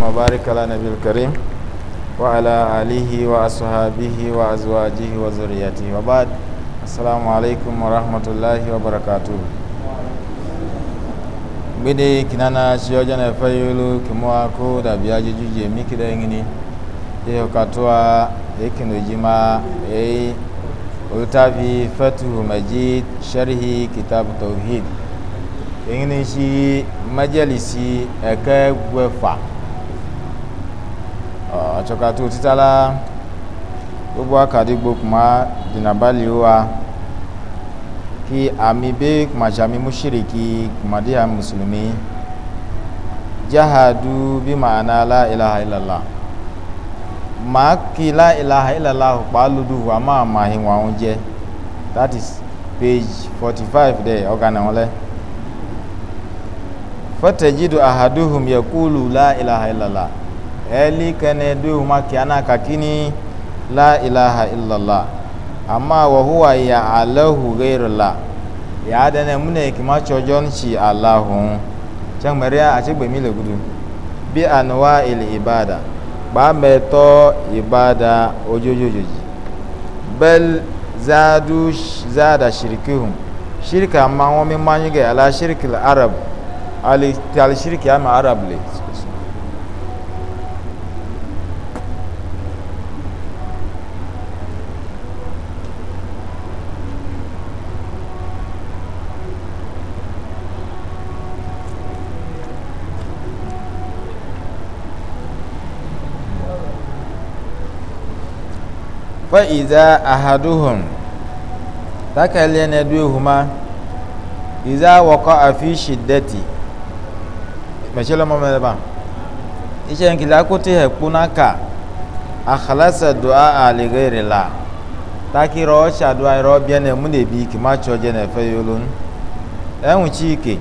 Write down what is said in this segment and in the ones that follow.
وبارك على نبي الكريم وعلى آله وأصحابه وأزواجه وذريته وبعد السلام عليكم ورحمة الله وبركاته gbede kinana sioja na fayulu kimwa ko da biyaji juje miki da ngini e katwa e kinojima e ultafi fatuhu majid sharhi kitab tauhid ngini shi majalisi aka gwefa atsɔkatu titala gbogbo akadigbo kuma dinabali wa ki ami be kuma jami musiriki kuma di ya musulumi jahadu bi ma'ana la ilaha illallah maa ki la ilaha illallah kpaludu wa ma mahi wa ŋun jɛ that is page forty five there ɔgana wọn lɛ fɔtɛjidu ahaduhum yakulu la ilaha illallah eli kene duhuma kiana kakini la ilaha illallah amma wa huwa ya alahu ghairullah ya dana mune kima chojon shi allahu chan maria a ce gbemi legudu bi anwa il ibada ba meto ibada ojojojoji bel zadu zada shirkihum shirka ma won mi manyu ga ala shirkil arab al shirki ama arab le fa iza ahaduhum taka lene duhuma iza waqa fi shiddati mechelo mo meba ishe nkila kuti he kunaka akhlasa du'a li ghairi la taki ro sha du'a ro biene mu ne bi ki ma choje ne fe yulun enwu chike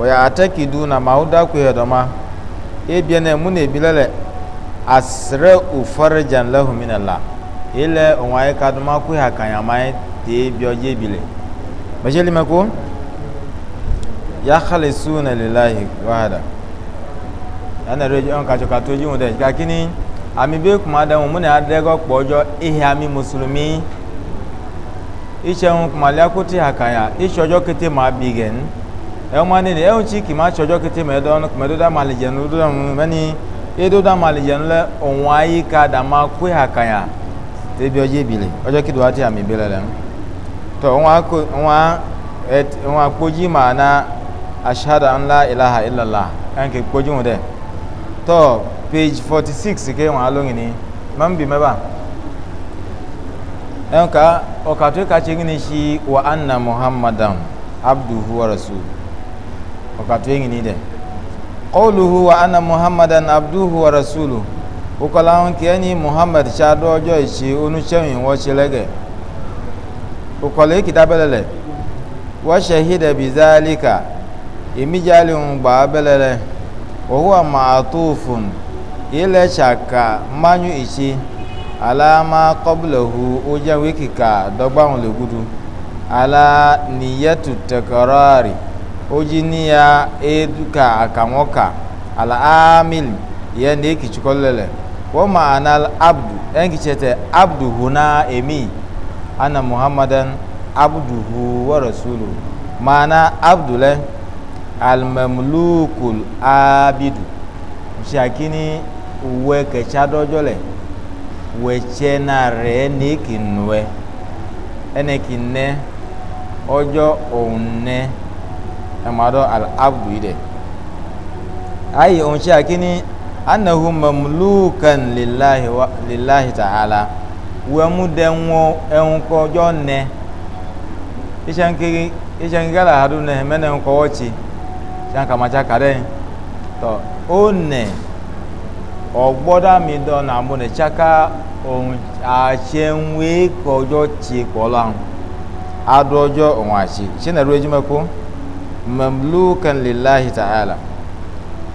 oya ataki du na mauda ku hedoma e biene mu ne bilele asra ufarjan lahu min ile onwa ye ka duma ku ha kan yama ye te bi oje bile bajeli mako ya khalisuna lillahi wahada ana rejo on ka joka toji won de ka kini ami be kuma da mun na de go pojo ihe ami muslimi iṣẹ́ ń kumalẹ́ akótí àkàyà iṣẹ́ ọjọ́ kété máa bì gẹ̀ẹ́n ẹ̀wọ́n máa nílẹ̀ ẹ̀wọ́n tí kì máa ṣe ọjọ́ kété mẹ́ẹ̀dọ́n mẹ́ẹ̀dọ́dá máa lè jẹun lọ́dọ̀ mẹ́ni ẹ̀dọ́dá máa lè jẹun lẹ́ ọ̀wọ́n ayíká dàmá kó ebi ọjọ ebile ọjọ kedu ati ami bela lẹm tọ wọn akọ wọn ẹt wọn ashada nla ilaha illallah ẹnkẹ kpọji wọn dẹ tọ page 46 six ke wọn alóyin ni mam bi mẹba ẹnka ọkàtúwé kàtsi ẹni si wa anna muhammadan abduhu wa rasul ọkàtúwé ẹni dẹ kọluhu wa anna muhammadan abduhu wa rasuluhu. kókọ́lá ń kí ẹni muhammed ṣáadó ọjọ́ ìṣe oníṣẹ́yìn wọ́n ṣe lẹ́gẹ̀ kókọ́lá èkìtà bẹ́lẹ̀lẹ̀ belele ṣe hídẹ̀bì záálíkà ìmíjàlè ń gbà bẹ́lẹ̀lẹ̀ òhùn àmà àtúfùn ilẹ̀ ṣàkà mányú ìṣe aláàmà kọ́bùlẹ̀hù ó jẹ́ wíkìkà dọ́gbàhùn lẹ́gùdù alá ya wa ma'anar abdu yan gice ta abduhu na emi ana muhammadan abduhu wa rasulu le abdulai almamlukul abidu shakini uwe kecha dojole weche na re niki nwe eneki ne ojo onne emado al abdu ide ayi on shakini anahu mamlukan lillahi wa lillahi ta'ala wemu denwo enko jonne ishankiri ishangala hadu ne mene enko wachi shanka macha kare to one ogboda mi do na mu ne chaka ohun ache nwe kojo chi kolan adojo ohun achi shine mamlukan lillahi ta'ala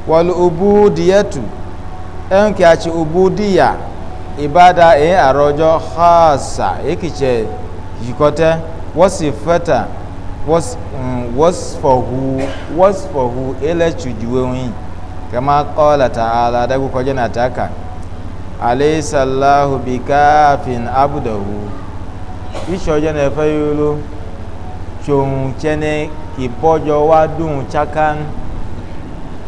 wal ubudiyatu enke achi ubudiya ibada e arojo khasa ekiche jikote wasifata was um, wasfahu wasfahu ele chujuwe kama qala ta'ala dagu koje na taka alaysa allahu bikafin abdahu ishoje na fayulu chon chene kipojo wadun chakan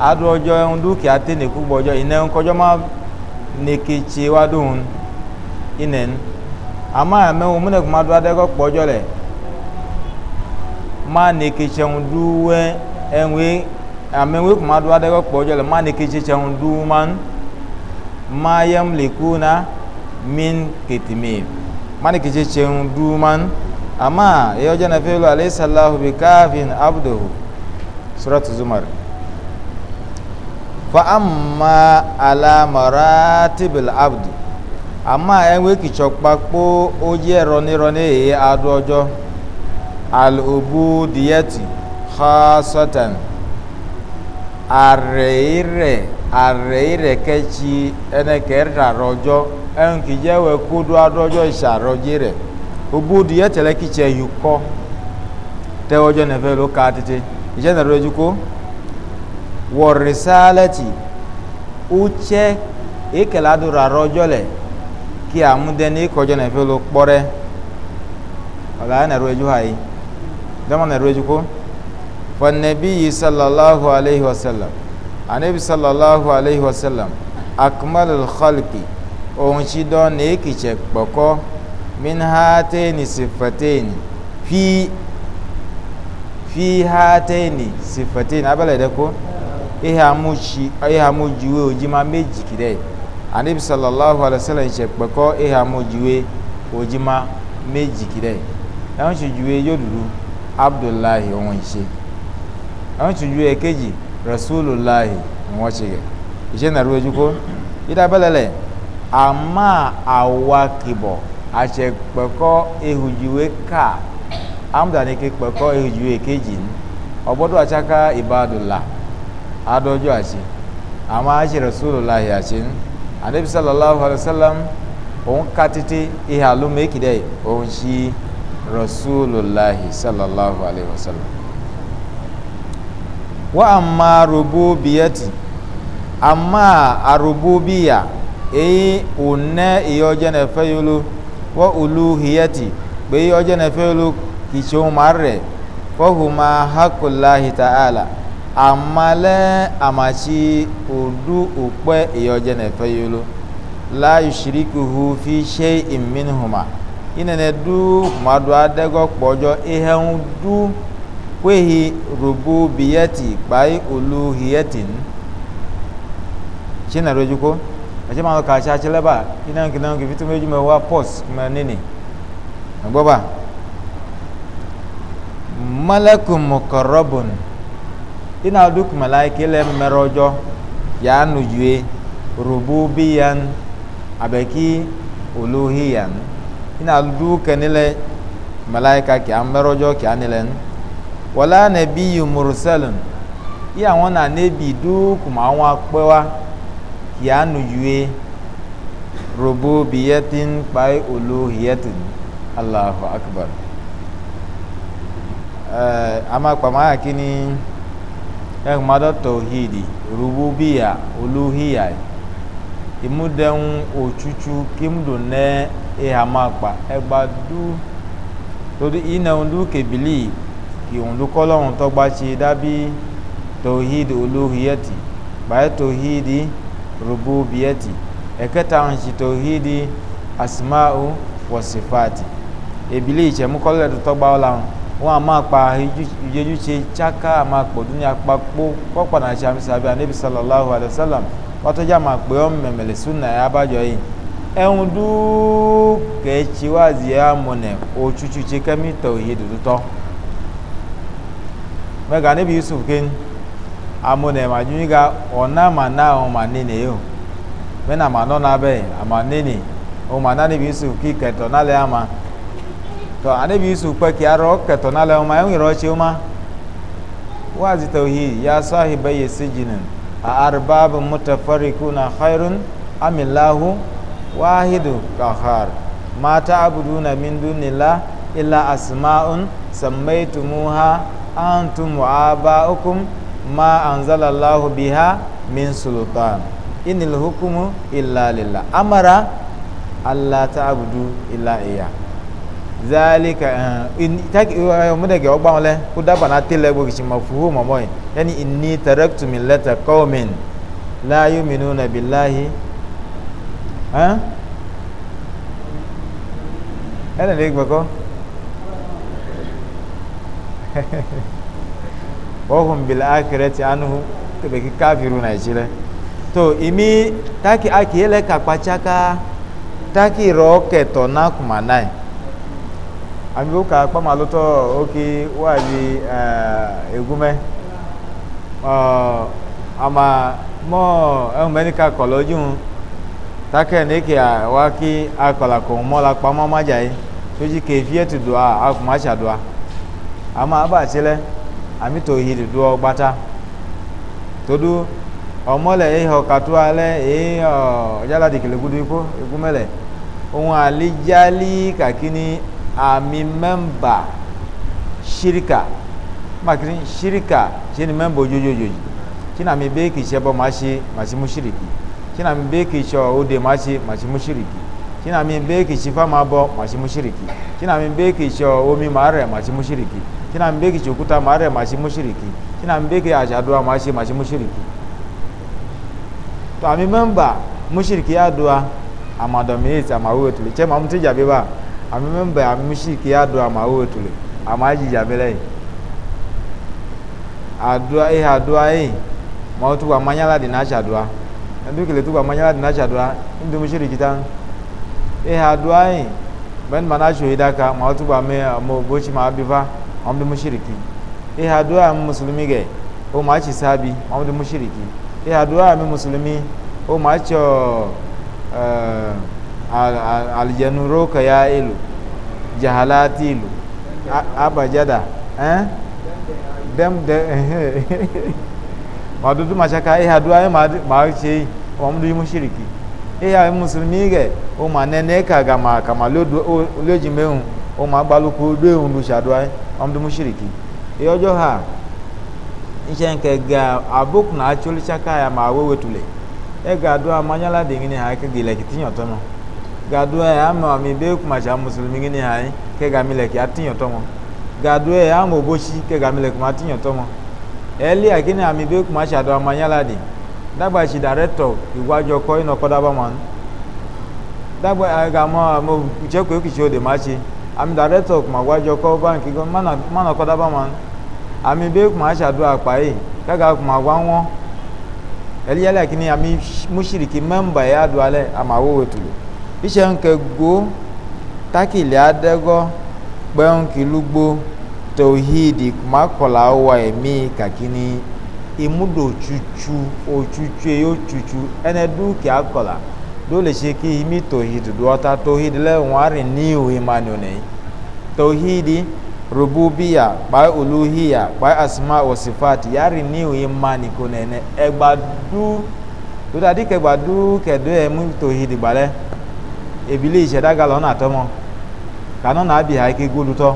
adu ọjọ ẹhun dúkìá tẹ nìkú gbọjọ ìnẹ ń kọjọ má neketse wa dóhun ìnẹ ń àmọ́ àmẹ́hun múnẹ̀kùn má do adẹ́kọ̀ kpọ́jọ lẹ̀ má neketse ń du wẹ́ ẹ̀hún àmẹ́hun kùn má do adẹ́kọ̀ kpọ́jọ lẹ̀ má neketse ń du má ń má yẹm lèkú na mí kètìmí má neketse ń du má ń àmọ́ ẹ̀yọ́jọ́ nàfẹ́ lọ alẹ́ sàlàhùbí káfíń abdul surat zumar fa'amma alamara tibil abdi ama enwe kichokpa kpo oye ronironi eye adu ọjọ alubu dieti khasatan areire areire kechi eneke rarọjọ enki jewe kudu adu ọjọ isarọji rẹ ubu dieti lekiceyukọ tẹ ọjọ nefe lo ka titi iṣẹ nẹrọ ejuko wɔ risalati utsɛ ekele ado rarɔ dzɔ lɛ ki amudɛ ne kɔdzɔ nɛfɛ lo kpɔ ɖɛ ɔlɛ ayɛ nɛrɛ edzo hayi dɛmɔ nɛrɛ edzo ko fɔ nɛbi yi sallallahu alayhi wa sallam anabi sallallahu alayhi wa sallam akumalu xɔliki ohun tsi dɔ ne ekitsɛ kpɔkɔ min sifateni fi fi haateni sifateni abɛlɛ dɛ ko eha mojuwe ojima meji kide anabi sallallahu alaihi wasallam ṣe pẹkọ eha mojuwe ojima meji kide ẹwọn e ṣojuwe yodudu abdullahi wọn ṣe ẹwọn e ṣojuwe keji rasulillahi wọn ṣe gẹ iṣẹ na ruwe juko idabẹlẹlẹ ama awakibọ aṣẹ pẹkọ ehujuwe ka amudani ke pẹkọ ehujuwe keji ọgbọdọ atsaka ibadullah adọ́jọ́ àti àwọn aṣèrè sóòlù láàyè àti anabi sallallahu alayhi wa sallam òun ka títí ìhà ló méjì dẹ́ òun ṣí rasúlù láàyè sallallahu alayhi wa sallam. wọ́n a máa robó bíyẹ́tì a máa arobó bíyà èyí òun ná náà fẹ́ yóò wọ́n olú hiyẹ́tì pé ìyọjẹ́ náà fẹ́ yóò kìí ṣe òun máa rẹ̀ fọ́hùn máa hákò láàyè tààlà. amalɛ amatsi odu okpɛ eyɔdze n'ɛfɛ yolo la yusirikuhu fi se imin huma inene du huma do adɛgɔ kpɔdzɔ ehɛnu du kwehi rubu biyeti kpai olu hiyɛtin tsi na do dziko ɛtsɛ ma ka tsi atsi lɛ ba inene kene ke fitu medu me wa pɔs me nini egbɔ ba malakum kɔrɔbun. ina duk malaika ile mmere ọjọ ya nujue rububiyan abeki olohiyan ina duk nile malaika ki mmere ọjọ ki anile wala nabiyyu mursalun iya wọn na nebi duk ma wọn akpẹwa ki anujue rububiyatin kpai olohiyatin allahu akbar uh, ama kini ẹgbẹ́mọdọ́ tọ̀hídì rúbúbíyà olúhíyà ìmúdẹ̀hún òtútù kíndù ní ìhàmàpà ẹgbàdú torí ìnáwó kébìlì ìhùndúkọ́lọ́hún tọ́gbà ṣe dábí tọ̀hídì olúhíyàtì báyìí tọ̀hídì rúbúbíyàtì ẹ̀kẹta ń ṣe tọ̀hídì asimáhù wọ̀sífàtì ìbílẹ̀ ìṣẹ̀mú kọ́lẹ̀ tó tọ́gbà ọ̀làhùn. wọn a máa pa ìyẹjúṣe chaka a máa pọ̀ dúnyà papò kọ́pọ̀ náà ṣàmì sàbí anabi sallallahu alayhi wa máa pè ọ́ mẹ̀mẹ̀lẹ̀ súnà abájọ yìí ẹ̀hún dúkẹ́ òtútù òye tọ́ yusuf ọ̀nà màná ọ̀hún nínú yìí o mẹ́nà màná náà bẹ́ẹ̀ àmà ọ̀hún màná yusuf kí àmà. tɔ anabi yusuf kpɛ kí arɔ kɛtɔ n'alɛ ɔma ɛŋu yɛrɛ ɔtsi ɔma wazi tawhi ya sahiba ya sijinin a arbabin mutafarikuna khairun amillahu wahidu kahar mata abuduna min dunillah illa asma'un sammaitumuha antum wa aba'ukum ma anzalallahu biha min sultan inil hukumu illa lillah amara allah ta'budu illa iyyah zalika ọmọdéke ọgbà wọn lẹ kó dábàá náà tẹlẹ gbogbo ìṣìmọ fúhù mọmọ yìí yẹni ìní tẹrẹtùmí lẹtẹ kọọmin láàyò mìíràn nàbí láàyè ẹnì lè gbẹkọ wọ́n bìlà akẹrẹ ti anuhu tẹ̀lé kí káfíru nàìjíríà tó ìmí táàkì akẹ́lẹ́ kàkpàtsaka táàkì rọ̀ kẹtọ̀ náà kùmà náà amigo ka kpama lutɔ oke wabi uh, egume ama mɔ ehumɛni ka kɔlɔ dzun take neke wa ki akɔla kɔn mɔ la kpama ma dza ye sodzi ke fie tu doa akuma tsa doa ama aba tsi lɛ ami to yi doa gbata todo ɔmɔ lɛ eyi xɔ katoa lɛ eyi ɔ yala dekele kudu ko egumɛ lɛ ohun alijali kakini àmì mẹ́mbà ṣíríkà mákìrí ṣíríkà ṣe ni mẹ́mbà ojoojoojoji kí ni àmì bẹ́ẹ̀ kì í ṣe bọ́ máa ṣe máa ṣe mú ṣíríkì kí ni àmì bẹ́ẹ̀ kì í ṣe òde máa ṣe máa ṣe mú ṣíríkì kí ni àmì bẹ́ẹ̀ kì í ṣe fáwọn abọ́ máa ṣe mú ṣíríkì kí ni àmì bẹ́ẹ̀ kì í ṣe omi máa rẹ̀ máa ṣe mú ṣíríkì kí ni àmì bẹ́ẹ̀ kì í ṣe òkúta máa rẹ̀ máa ṣe mú ṣíríkì kí ni àmì bẹ́ẹ̀ kì í àṣàdúrà máa ṣe máa ṣe mú ṣíríkì to àmì mẹ́mbà mú ṣíríkì àdúrà àmàdọ̀mí ètì àmàwé òtúlẹ̀ jẹ́ àmì mẹ́mbà àmì mísìkì àdó àmà owó ètùlẹ̀ àmà àjìjà bẹ́lẹ̀ yìí àdúrà yìí àdúrà yìí mà ó túbọ̀ àmányálà dì náà ṣàdúrà ẹ̀dúkìlẹ̀ túbọ̀ àmányálà dì náà ṣàdúrà nítorí mísìkì kìtà yìí àdúrà yìí bẹ́ẹ̀ ni mà náà ṣòyí dáka mà ó túbọ̀ àmì ọmọ bóṣì mà á bí fa àwọn bí mísìkì yìí àdúrà àmì mùsùlùmí gẹ̀ ó mà á ṣì sábì àwọn bí mísìkì yìí àdúrà àmì mùsùlùmí ó mà á aljanuro ka ya ilu jahalati ilu abajada eh dem de oh, ma dudu ma shaka eh adu ma ma ce wa mu mu shiriki eh ya musulmi ge o ma ne ne ka ga ma ka ma lo oh, lo ji meun o oh, ma gba ko do ehun lu shadu ai wa mu mu shiriki e ojo ha iṣẹ́ nke ga abuk na acholi shaka ya ma wewe tule e ga adu amanyala de ngini ha ke gile kitiyan to gadue ama ami be kumacha muslimi ngini hai ke ga gamile ki atinyo tomo gadue ama obochi ke gamile kuma atinyo tomo eli akini ami be kumacha do amanyala di dagba chi director igwajo ko ino kodaba man dagba eh, ga mo mo je ko ki chode machi ami director kuma gwajo ko bank go mana mana kodaba man ami be kumacha do apa yi kaga kuma gwa won eli ala kini ami mushiriki member ya do ale ama wo wetulu iche nke go takili adego kpenkilugbo tohidi makola awa emi kakini imudo ochuchu ochuchu eyo ochuchu ene duki akola dole se ki imi tohidi duota tohidi lẹ́wọ̀n arin ní ìhòhì máa ní tohidi kpa asima ní máa ní ẹgbàdú tó kẹgbàdú kẹdọ́ tohidi gbalẹ́. ebile ìṣẹ̀dá galà ọ na kànú nà ábìhà ike gbólutọ́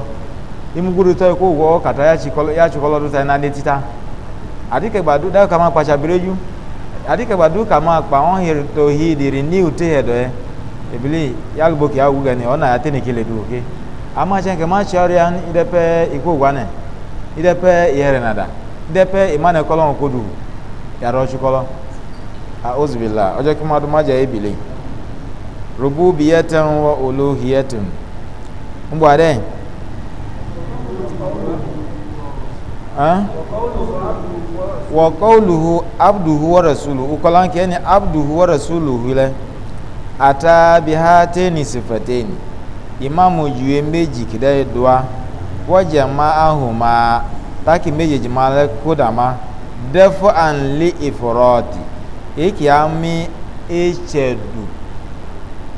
imugbolutọ́ ikú wọ́ kàtà yá tsukọ́lọ́ dúta iná ní títà àdìkẹ̀gbà na dáwọ́ kàmá kpatsa bìrẹ́jú àdìkẹ̀gbà dú ma kpa wọ́n hì tó hì dìrì ní ute yẹ dọ̀ yẹ ebile yálùbọ̀ kìá wù gẹ̀ rububiyatan wa uluhiyatan ń bọ̀ adẹ́ wa qawluhu abduhu wa rasuluhu ukolan keni abduhu wa rasuluhu le ata bihateni sifateni imamu juwe meji kidai dua wa jama'ahuma taki mejeji ma le kodama defu an li iforoti iki ami echedu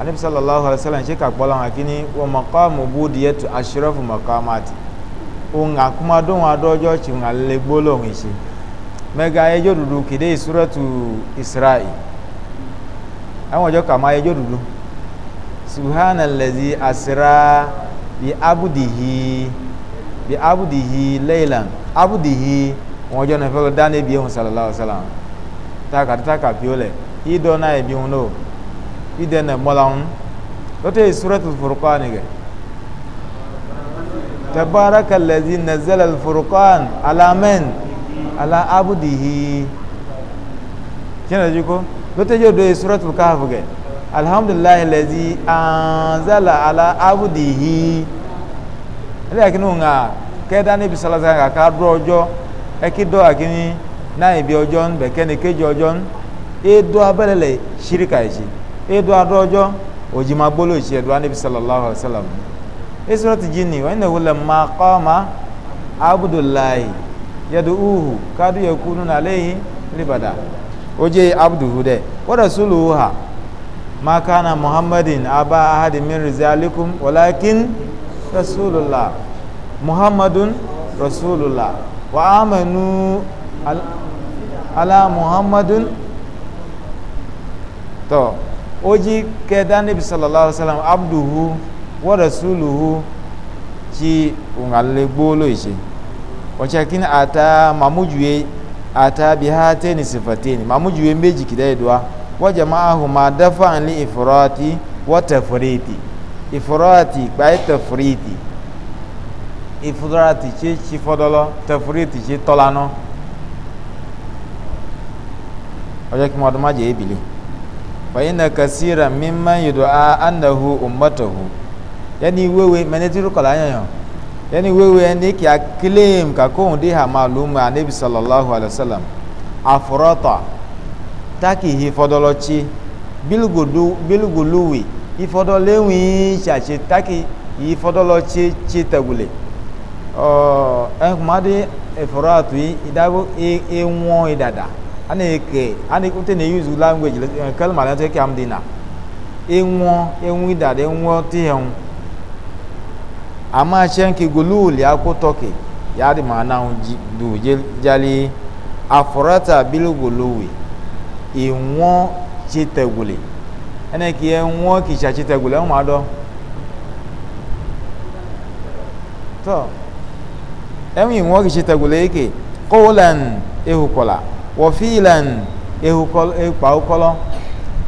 anabi sallallahu alaihi wasallam shi kakpɔla hã kini wo makamu budiyatu ashrafu makamati wo ŋa kuma do ŋa do tsi ŋa le gbolo ŋa tsi mɛga edzo dudu kede suratu israel awon ɔdzɔ kama edzo dudu subhana lezi asra bi abudihi bi abudihi leilan abudihi wọn ɔdzɔ nɛfɛ danabi ehun sallallahu alaihi wasallam taka taka pio lɛ idɔ na ebi hun no idene mɔlaŋu lɔtɛ yi suratul furqan gɛ tabaraka lɛzi nazala furqan alamɛn ala abudihi tiɲɛ dɛ ko lɔtɛ yi do yi suratul kahf gɛ alihamdulilayi lɛzi anzala ala abudihi ɛdɛ yɛ kini o ŋa kɛda ne bisalasa ka ka do ɔjɔ akini náà ibi ɔjɔ bɛkɛ ne kejì ɔjɔ edo abɛlɛ lɛ sirika edo adɔjɔ ojima gbolo etsi edo anabi sallallahu alaihi wa sallam esurati jini wani wule ma kɔma abudulayi yadu uhu kadu yakunu naleyi libada oje abduhu dɛ wada suluhu ha ma kana muhammadin aba ahadi min rizalikum walakin rasulullah muhammadun rasulullah wa amanu ala muhammadun to oji kẹta níbi sallallahu alaihi wa sallam abduhu wa rasuluhu ti ŋalẹ gbóòlò ìṣe ọ̀chẹ́kín ata mamujuwe ata biha tẹ́ni sifatẹ́ni mamujuwe méjì kìdá ìdúwà wọ́jà máa hù máa dáfà ní ìfọ̀rọ̀tì wọ́ tẹ̀fọ̀rẹ́tì ìfọ̀rọ̀tì gbáyé tẹ̀fọ̀rẹ́tì ìfọ̀rọ̀tì ṣe ṣi fọ́dọ́lọ́ tẹ̀fọ̀rẹ́tì ṣe tọ́lanọ́ ọjọ́ kí wọ́n ọdún má jẹ́ ìbílẹ̀ fàyínà kàsíra mímá yìdò a anahu umatahu yẹni wéwe mẹnẹtìrú kọlá yẹnyàn yẹni wéwe ẹni kì á kílèm kakóhùn dé hàmà lùmọ anabi sallallahu alayhi wa sallam afurọta takihi fọdọlọtsi bilgudu bilguluwi ifɔdɔlɛwi chache taki ifɔdɔlɔtsi tsi tɛgule ɔɔ ɛkumadi efuratu yi idabo eŋɔ idada. E, e ana-eke ana-ekwute na use language eh, kalma na ka e m dị na ịnwụọ e enwu idada enwụọ tihenwu amache nke goluli akwụ tọki ya dị ma na duje jali afọrata bilgolowi ịnwụọ e chitegwuli ana-eke ihe nwụọ kicha chitegwuli ụmụadọ tọ enwe ịnwụọ kichitegwuli eke kolan ehukwala wɔfiilan ehu kɔlɔ ehu kpawo kɔlɔ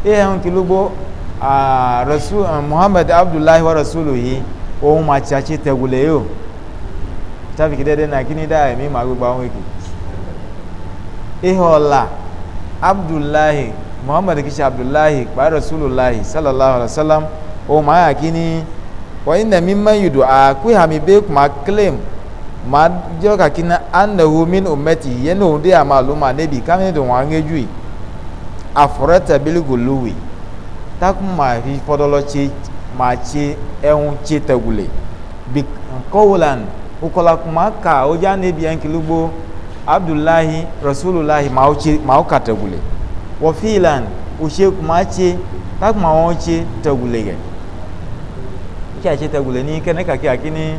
eye ŋun kilugbo aa rasul muhammed abdullahi wa rasulu yi ohun ma tsatsi tɛgule yi o tsafi kide de na kini da emi ma gbogbo awon eke ihe ɔla abdullahi muhammed Kisha abdullahi kpa rasulillahi sallallahu alaihi wa sallam ohun ma ya kini wɔyi na mi ma yi do a kuyi hami be kuma claim ma jɔ kaki na anahu min umɛti yɛn ohun de ama aluma nebi kame do wɔn aŋe dui afɔrɛ tɛbili golowe taku ma fi fɔdɔlɔ tse ma tse ɛhun tse tɛgule bi kɔwulan ukɔla kuma ka oja nebi ɛnkilugbo abdulahi rasulilahi ma wo tse ma wo ka tɛgule wɔfiilan ose kuma tse taku ma wɔn tse tɛgule yɛ kí a tse tɛgule ni kɛnɛ kaki akini.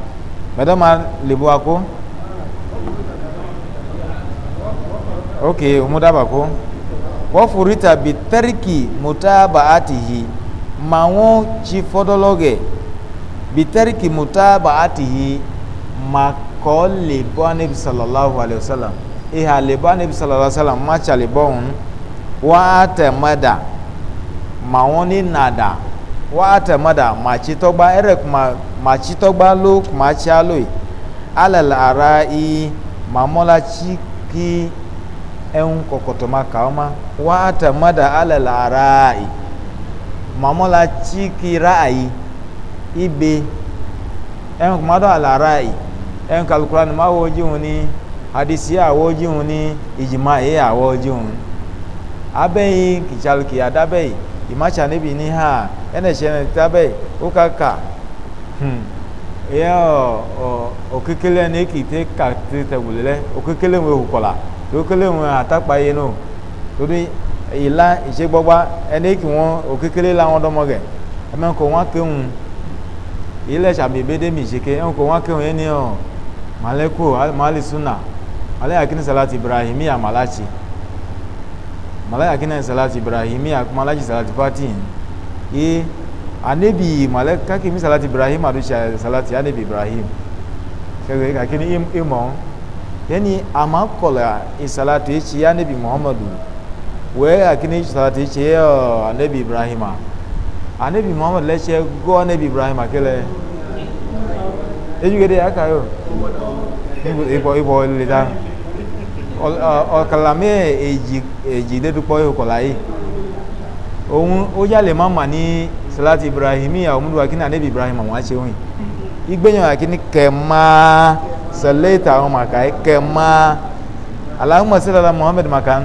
mɛdɔ ma lebu ako ok mu daba ko wɔfurita bi tɛriki mutaba atihi ma ŋo tsi fɔdɔlɔgɛ bi tɛriki mutaba atihi ma kɔ lebu anabi sallallahu alayhi wa sallam iha lebu anabi sallallahu alayhi wa sallam ma tsa lebu ŋu wa tɛ mada da ma ni na wa atamada machi togba ere kuma machi togba lo kuma chi aloi alal ara i mamola chi ki en kokoto maka oma wa atamada alal ara i mamola chi ki rai ibe en kuma do ala rai en kalkuran ma woji ni hadisi awoji ni ijima e awoji hun abeyin kichalki adabeyi imacha nebi ni ha ẹnẹsẹ tabẹ okaka hmm. yẹ ọ ọ okekele ẹni ekite kati tẹwule lẹ okekele ń ewu kọla okekele ń atakpa yẹ nù torí ìlà ìṣègbọgba ẹni ekì wọn okekele la wọn dọmọ gẹ ẹmẹ nkọ wọn kéwù ilẹ̀ sàbẹ̀bẹ̀ dẹ́mi ìṣèké ẹmẹ nkọ wọn kéwù yẹ ni ọ maleko malisuna malaya kini salati ibrahimi amalachi malaya kini salati ibrahimi amalachi salati fatin e anabi malek kaki mi salati ibrahim adu sha salati anabi ibrahim kage kaki ni im imo yani ama kola isalati ichi anabi muhammadu we akini salati ichi anabi ibrahima anabi muhammad le che go anabi ibrahima kele ejugede akayo ibo ibo le da ọkàlàmì èjì èjì dédúpọ̀ ìkọ̀lá yìí òun ó yàlẹ̀ má mà ní salati ibrahimi àwọn akínà níbi ibrahim àwọn àṣẹ òyìn ìgbéyàn akíní kẹma sẹlẹ̀tà àwọn màkà kẹma aláhùnmọ̀ sẹ́lẹ̀lá muhammed màkà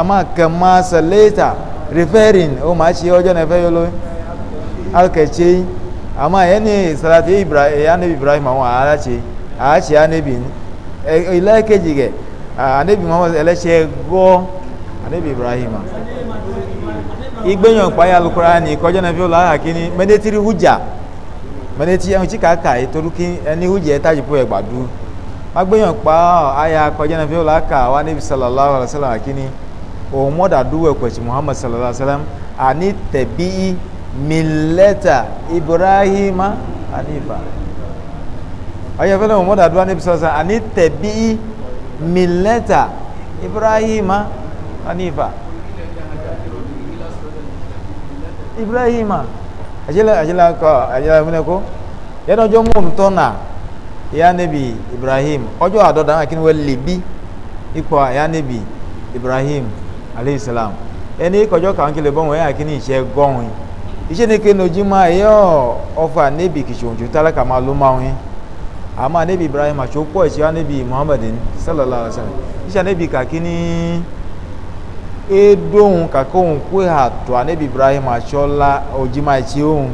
àmà kẹma sẹlẹ̀tà rìfẹ́rìn ó máa ṣe ọjọ́ náà fẹ́ yọlọ́ alkẹ̀ṣe àmà ẹni salati anábì ibrahim àwọn àṣẹ àṣẹ anábì ilé kejì gẹ̀ anábì muhammed ẹlẹ́ṣẹ̀ gbọ́ anábì ibrahim igbeyan paya alukurani kọjá náà fi ó láhà kí ni mẹdẹtiri hujja mẹdẹtiri ẹni tí kàákà yìí torí kí ẹni hujja ẹ tájú pé ẹgbà dú má pa aya kọjá náà fi ó láhà wa níbi sallallahu alayhi wa sallam akíní òun mọ́dà dúwọ̀ ẹ̀kọ́tì muhammad sallallahu alayhi sallam àní tẹ̀bí milẹ́tà ibrahima hanifa ọyọ fẹlẹ òun mọ́dà dúwọ̀ níbi sallallahu alayhi wa àní ibrahima ah. ajela ajela ko ajela mune ko ya no jomu nto na ya nabi ibrahim ojo adoda akin we libi ipo ya nabi ibrahim alayhi salam eni ko jo kan kile bon we akin ise gohun ise ni ke no jima yo ofa nabi kishonju talaka ma lo ma won ama nabi ibrahim a po ise ya nabi muhammadin sallallahu alaihi wasallam ise nabi kakini edo ohun kàkó ohun kó hà anabi ibrahim atsọ́lá ojima ohun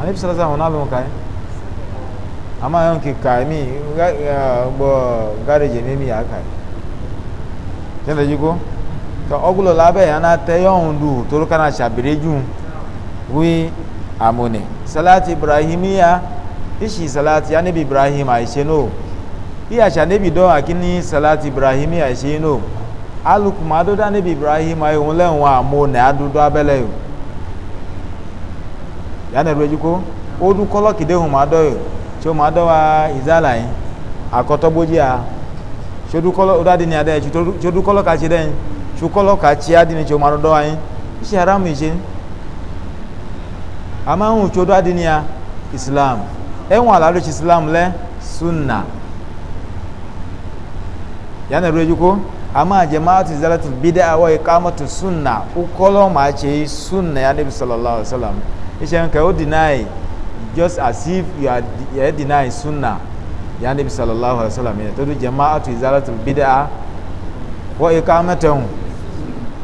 anabi sọ́lá sáwọn náà lóhun kàyé àmà yóò kíkà mí gbọ́ gáréjì mímí yà kàyé ibrahim ya ishi anabi ibrahim iya sha nebi dɔ akini salati ibrahim ya se no alukuma do da nebi ibrahim ayi ŋun lɛ ŋun amo ne adu do abɛlɛ o yanni ɛdu edziko o du kɔlɔ kide ŋun ma dɔ wa izala yi akɔtɔgbodzi ya tso du kɔlɔ o da di ni adɛ tso du kɔlɔ katsi dɛ tso kɔlɔ katsi adi ni tso wa yi isi haramu yi se amahu tso do adi ya islam ɛŋun alalo islam lɛ sunna yana ruwa ko amma jama'atu zalatul bid'a wa iqamatu sunna ukolo ma ce sunna ya nabi sallallahu alaihi wasallam ishe ka yo deny just as if you are you deny sunna ya nabi sallallahu alaihi wasallam ya to jama'atu zalatul bid'a wa iqamatu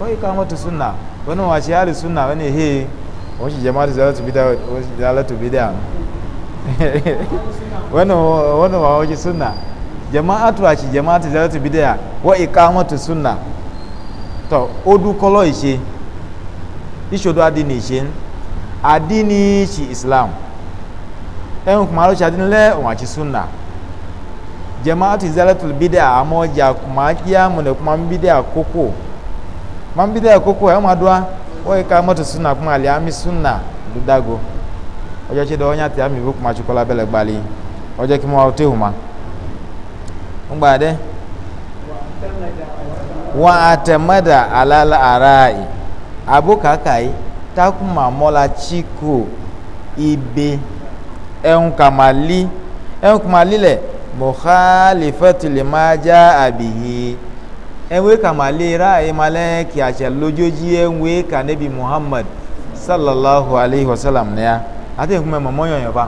wa iqamatu sunna wani wa ce hali sunna wani he wani jama'atu zalatul bid'a wa zalatul bid'a wani wani wa wani sunna jama'atu ashi jama'atu zalatu bid'a wa iqamatu sunna to odu kolo ise isodo adini ise adini shi islam en kuma ro shi adini le on achi sunna jama'atu zalatu bid'a amoja kuma kiya mu ne kuma bid'a koko man bid'a koko e ma doa wa iqamatu sunna kuma ali ami sunna dudago ojo che do nya ti ami bu kuma chukola bele gbali ojo ki mo wa te huma ń gbà dé wọn àtẹmẹdà alálà ara yìí abókàkà yìí takuma mọla chiko ibe ẹhun kàmálí ẹhun kàmálí lẹ mọ̀hálífẹ́tì lè máa já àbìyí ẹ̀wẹ́ kàmálí ráàyè e malẹ́ àṣẹ lójójì ẹ̀wẹ́ kànẹ́bí muhammad sallallahu alayhi wa sallam ní a àti ìkúmẹ̀ mọ̀mọ́ yọ̀yọ̀ bá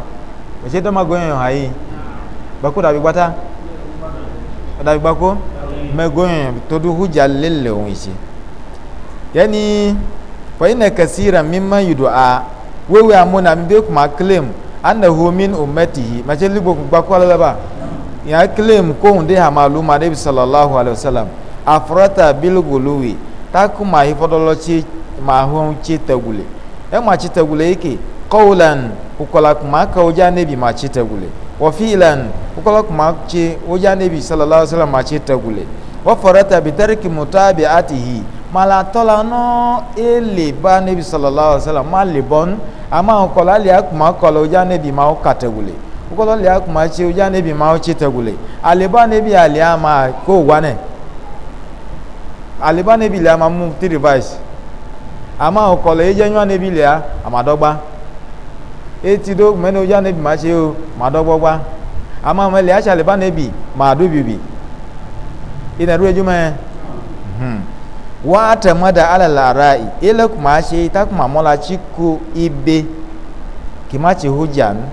òṣèlú tó máa gbọ́ yọ̀yọ̀ àyè bàkúrò àbí gbátá adagba ko megoyin to hujja lele ohun ise yani fa ina kasira mimma yudu'a wewe amuna mi be kuma claim annahu min ummatihi ma ce libo gba ko ala ba ya claim ko hunde ha maluma nabi sallallahu alaihi wasallam afrata bil guluwi ta kuma hi fodolo ci ma hon ci tagule e ma ci tagule yake qawlan ukola kuma ka uja nabi ma ci tagule wafilan ukola kuma ce wajen nabi sallallahu alaihi wasallam ce tagule wa farata bi tarki mutabi atihi mala tola no ele ba nabi sallallahu alaihi wasallam ma le bon ama ukola le akuma kola wajen nabi ma ka tagule ukola le akuma ce wajen nabi ma ce tagule ale ba nabi ale ama ko wane ale ba nabi le ama mu three vice ama ukola ejenwa nabi le ama dogba eti do mẹni ojú anabi máa ṣe o máa dọ́gbọ́ gbá àmọ́ àwọn ilẹ̀ aṣọ àlẹ́bá anabi máa dó bìbì ìnà ìdúró ẹjú mẹ́ẹ̀ wọ́n á tẹ̀ mọ́dà alàlà ara yìí ilẹ̀kùn máa ṣe ìtàkùn màmọ́lá tí kò ibe kì má ti hójà nù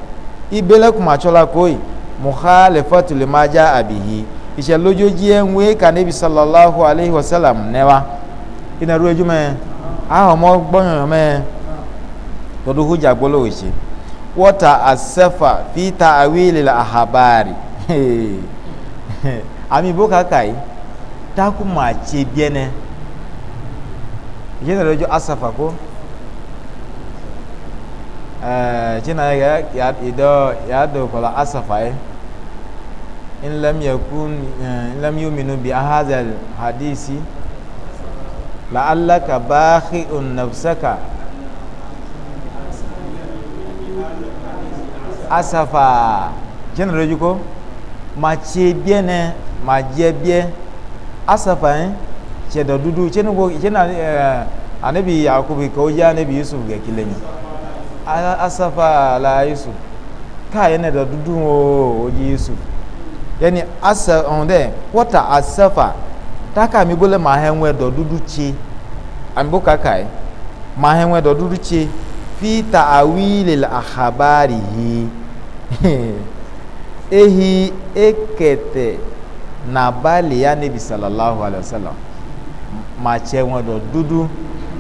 ibe lẹ́kùn máa tsọ́lá kóyì muhalifọ́ tó lè máa já àbìyí ìṣẹ̀lójójì ẹ̀ ń wé kànẹ́bí sallallahu alayhi wa sallam nẹ́wà ìnà ìdúró ẹjú mẹ́ẹ̀ ahọ́mọ́ gbọ́nyọ̀nyọ̀ mẹ́ẹ̀ tọdún hójà gbọ́lọ́wọ́ ìṣe wata asafa fi ta'awili la habari ami boka kai ta kuma ce biene yana rojo asafa ko eh jina ya ya ido ya do kala asafa eh in lam yakun eh, in lam yu'minu bi hadha hadisi la'allaka bakhi'un nafsaka asafa general yiko ma tse bie ne ma dze bie asafa yɛ tse dɔ dudu tse nugo tse na ɛɛ anabi yakubu ka o ya anabi yusuf gɛkile nyi asafa la yusuf kaa yɛ ne dudu o o dzi yusuf yɛni asa ɔn dɛ wɔta asafa taka mi gbolo ma hɛ ŋu dɔ dudu tse amibo kaka yɛ ma hɛ ŋu dɔ dudu tse fi ta awi le la ahabari ehi ekete na bali ya nebi sallallahu alaihi wasallam ma chewedo dudu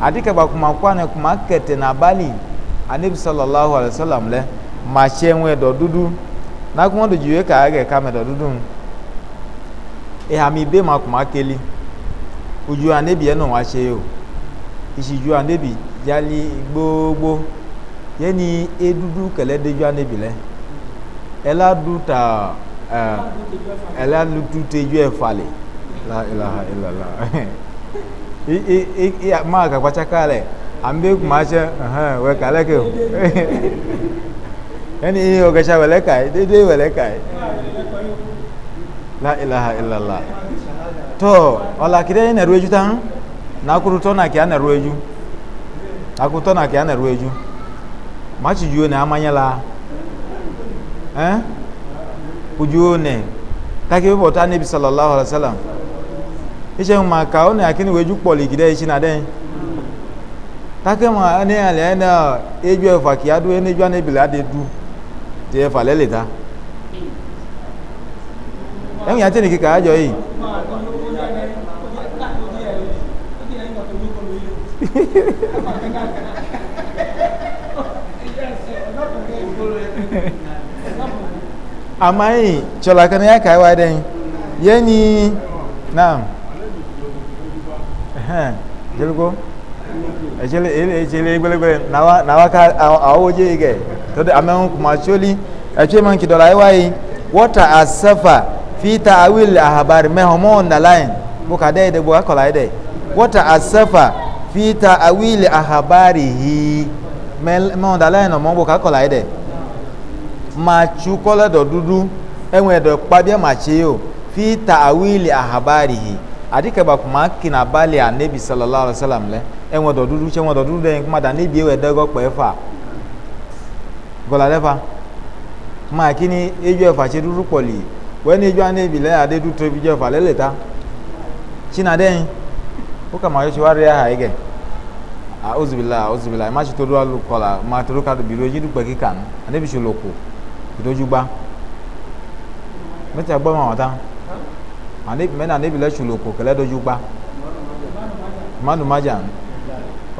adike ba kuma kwane kuma kete na bali anebi sallallahu alaihi wasallam le ma chewedo dudu na kuma do jiwe ka ga ka medo dudu eha mi be ma kuma keli uju anebi eno wa se o isiju anebi jali gbogbo yẹni edudu kẹlẹ deju anebi lẹ. ela du ta eh, ela du teju ẹ falẹ la ilaha illallah i i i maa ka kpatsaka lẹ ambe kuma tse ke o ka yi dédé wẹlẹ ka yi la ilaha nakuru tọ na kìá nẹrù nakuru tọ na kìá nẹrù eju eh ujuone taki wipo ta nebi sallallahu alaihi wasallam ishe ma kaone akini weju poli gide ishi na den taki ma ne ale na eju efa ki adu ene ju nebi la de du ti efa lele ta ẹ̀hún yàtí ní kíkà àjọ yìí Hehehehe amma yi cewa kana ya kaiwa dan yani na'am jirgo ejele gbelegbele nawa ka awo je ige to da amma kuma choli a ce man ki dola yi wayi wata asafa fi ta'awil ahbar mehomon na line buka dai da buka kola dai wata asafa fi ta'awil ahbarihi mehomon da line mo buka kola dai matsu kɔlɛ dɔdudu eŋue dɔ kpabia matsi o fi ta awili ahabarihi adike ba kuma kina bali anebi nebi alaihi wasallam lɛ eŋue dɔdudu tse eŋue dɔdudu dɛ kuma da anebi ewɛ dɛ gɔ kpɛ fa gɔla dɛ fa kuma kini edzo ɛfa tse dudu kpɔli wɛni edzo anebi lɛ ade du tobi dzo ɛfa lɛ le ta tsina dɛ yin wo kama yɔ tse wa ri aha yi gɛ a ozubila ozubila ma tsi to do alu kɔla ma to do ka do biro edzi du kpɛ kika nu anebi tse ìdójúgbá mẹtẹ gbọ́ màmá tán mẹ́nà níbi lẹ́sùn lòkò kẹlẹ́ dójúgbá mmadụ maja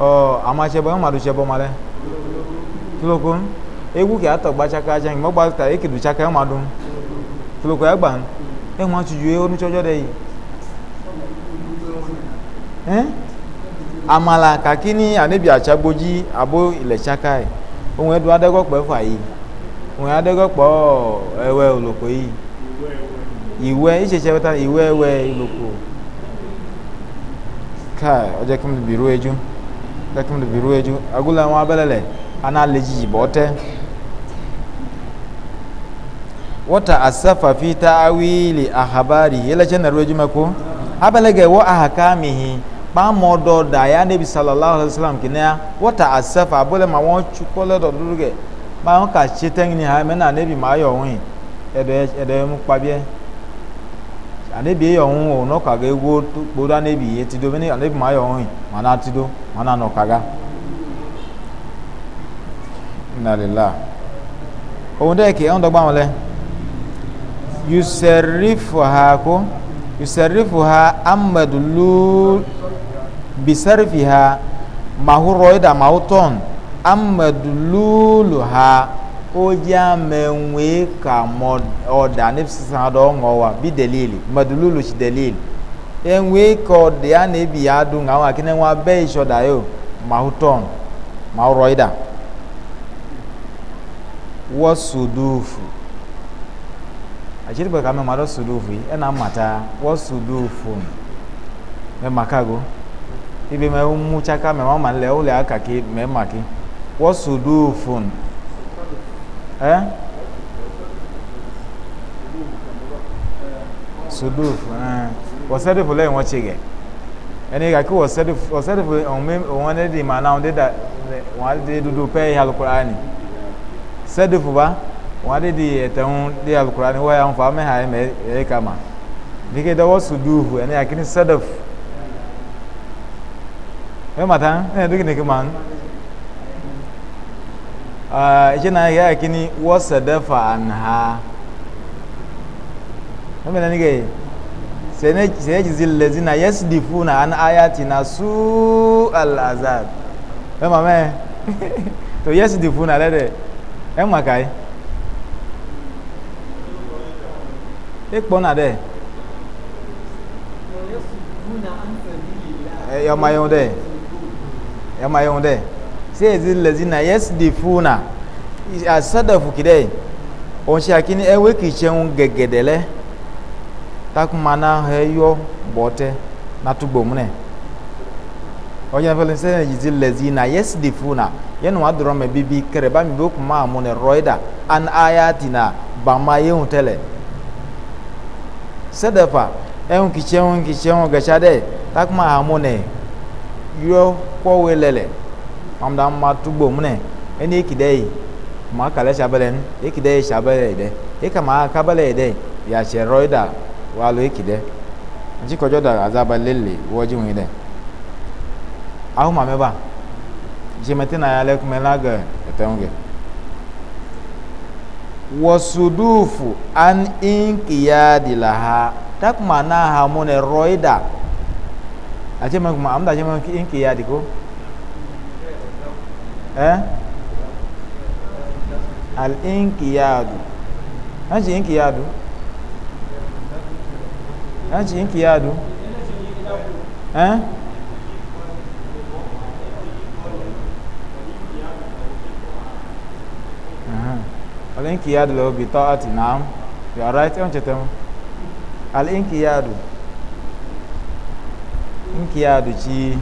ọ amachebe ọ mmadụ chebe ọmalẹ tuloko egwu ka atọ gbachaka aja mgbe gbata ekeduchaka mmadụ tuloko ya gban enwe achụju onu chọjọ dị yi amala kakini anabi achagboji abo ilechaka onwe edu adegwọ kpefa yi òun adégo kpọ́ ẹwẹ́ olóko yìí ìwẹ́ ìṣẹ̀ṣẹ̀ wẹ́ta ìwẹ́ ẹwẹ́ olóko káì ọjọ́ kí mo bìrú ejú ọjọ́ kí mo bìrú ejú agolo àwọn abẹ́lẹ̀lẹ̀ aná jìjì bọ́ tẹ́ a wíìlì àhàbárì yẹlẹ́ṣẹ́ nàró ejú mẹ́kó abẹ́lẹ́gẹ̀ wọ́ àhàká mìhìn aha dɔ da nebi sallallahu alaihi wa sallam kene asefa ma ma ŋun ka tsi tɛŋ ha mɛ na anabi ma yɔ ŋui ɛdɛ ɛdɛ mu kpabie anabi yɔ ŋu o nɔ kaga ewo kpo do anabi yɛ ti do mɛ ni anabi ma yɔ ŋui ma na ti do ma na nɔ kaga nalila ohun dɛ ke ɛŋ dɔ gbam lɛ yusɛrifu ha ko yusɛrifu ha amadu lu bisɛrifi ha mahu rɔida mahu tɔn. amadululu ha oji amenwe ka ọda n'efisisa ọda ọṅụ wa bi delili madululu chi delili enwe ka ọda ya na ebi ya adu nga nwa kene nwa be ishoda yo ma huton ma uroida wa sudufu achiri ka mema do sudufu e na mmata wa sudufu me makago ibe me mu chaka me mama le ule aka ki me maki وصدوف أه؟ صدوف أه. وصدف لا يوجد ẹni kàkí wọ sẹ́dìfù wọn ní di màánà wọn dídà wọn di dúdú pẹ́ ihe alukura ni sẹ́dìfù ba, wọn di di ẹ̀tẹ̀hún di alukura ni wọ́n yà wọn fà mẹ́hà ẹ̀ mẹ́ẹ̀ kama dike dọwọ́ sùdúhù ẹni kàkí ni sẹ́dìfù ẹ̀ màtá ẹ̀ dúkìá ni kí màá ishina uh, ya kini wasa dafa anha kame na nige sai ji zillazina ya sidifuna an ayatina su al'azab ɗan mame to ya sidifuna lade ɗan makai ikpo na de yamma yau de yamma yau de sai yanzu na yes di funa a sadafu kidai on shi akini ewe kicen gegedele takumana heyo bote na tugbo mune oye fele se yizi lazina yes di funa yenu wadro me bibi kere ba mi boku ma mune roida an ayatina bama yehun tele sadafa ehun kicen kicen gashade takuma amune yo kwowelele lele mamda ma tugbo mune eni ikidei ma kale shabelen ikidei shabele ide ika ma kabele ide ya she roida walo ikide ji kojo da azaba lele woji won ide ahu ma meba je metina ya le kumela ga etonge wasudufu an inqiyadi laha tak mana ha mune roida aje ma kuma amda je ma inqiyadi ko eh al-inkiyadu an ce inkiyadu an ce inkiyadu eh al-inkiyadu lau bi ta'ati na'am you are right yawan cetem al-inkiyadu inkiyadu ci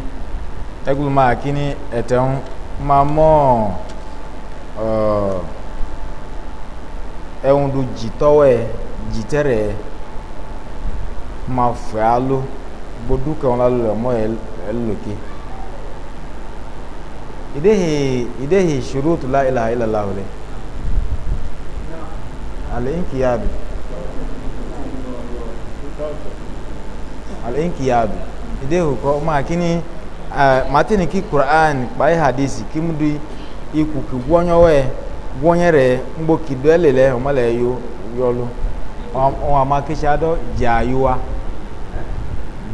egulma kini etem mamɔ ɛɛ ɛŋu do dzitɔwɛ dzitɛrɛ ma fɛ alo gbodu kɛwọn la lɛ mɔ yɛ ɛlòke idehe idehe shurutu la ilaha illallah wòle ale nkiyabi ale nkiyabi idehe kɔ maa kini. uh, matini ki quran kpai hadisi kimdu ikwu ki gwonyowe gwonyere mgbo kiduelele omale yo yolu ọma kishado jayuwa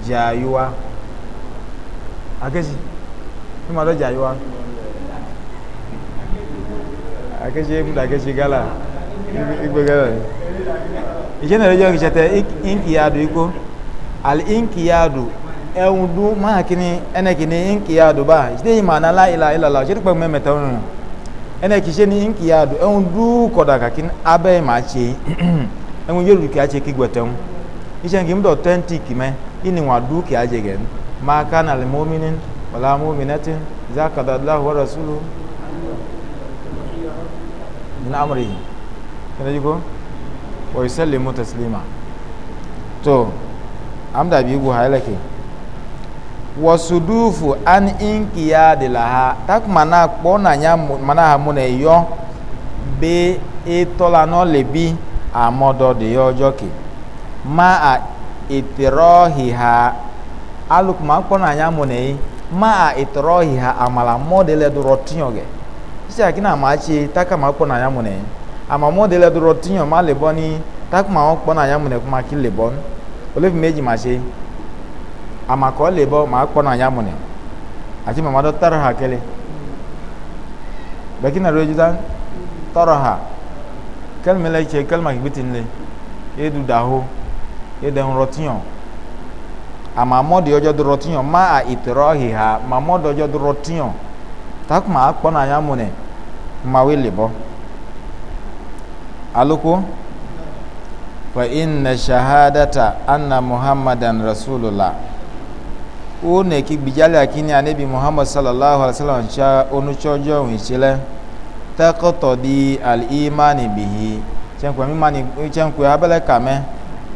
jayuwa akeji imado jayuwa akeji muda akeji gala igbe gala ìṣẹ́nà ìrẹ́jọ́ inki inkiyadu iko al inkiyadu ẹ̀hún dún máa kíní ẹnẹ́kìní nkìyàdù bá ṣe yìí màá nálá ìlà ìlàlà ṣe pẹ̀lú mẹ́mẹ́ta ọ̀run ẹnẹ́kì ṣe ní nkìyàdù ẹ̀hún dún kọ̀dà kàkí abẹ́ màá ṣe ẹ̀hún yóò kí a ṣe kí gbẹ̀tẹ̀hún iṣẹ́ nkì ń dọ̀ tẹ́ǹtìkì mẹ́ ìní wà dún kí a ṣe gẹ̀ máa ká nàlẹ́ wasudufu an inkiya de la ha tak mana kpɔ na nya mana ha mu na yɔ be etɔla nɔ le bi amɔdɔ de yɔ ɔdzɔ ke ma a eterɔ hiha alukuma kpɔ na nya mu ma a eterɔ hiha amala mɔ de le do rɔtinyɔ gɛ sisi aki na ma tse tak ma kpɔ na nya mu na yi ama mɔ de le do rɔtinyɔ ma le bɔ tak ma kpɔ na nya mu na kuma ki le bɔ olevi meji ma tse. amakɔ le bɔ maa kpɔnɔ anyamu ne ati mama dɔ tɔrɔ ha kele bɛki na do edzuta tɔrɔ ha kɛlɛ mi lɛ tse kɛlɛ ma kibi ti ne edu daho eɖe ŋu rɔtiɔ amamɔ de yɔdzɔ do rɔtiɔ ma a itrɔ hiha mamɔ de yɔdzɔ do rɔtiɔ taku maa kpɔnɔ anyamu ne mawe le bɔ aloko fa inna shahadata anna muhammadan rasulullah wo ne ki gbijale akini anabi muhammad sallallahu alaihi wasallam cha onuchojo winchile takoto di al imani bihi chenkwe mi mani chenkwe abele kame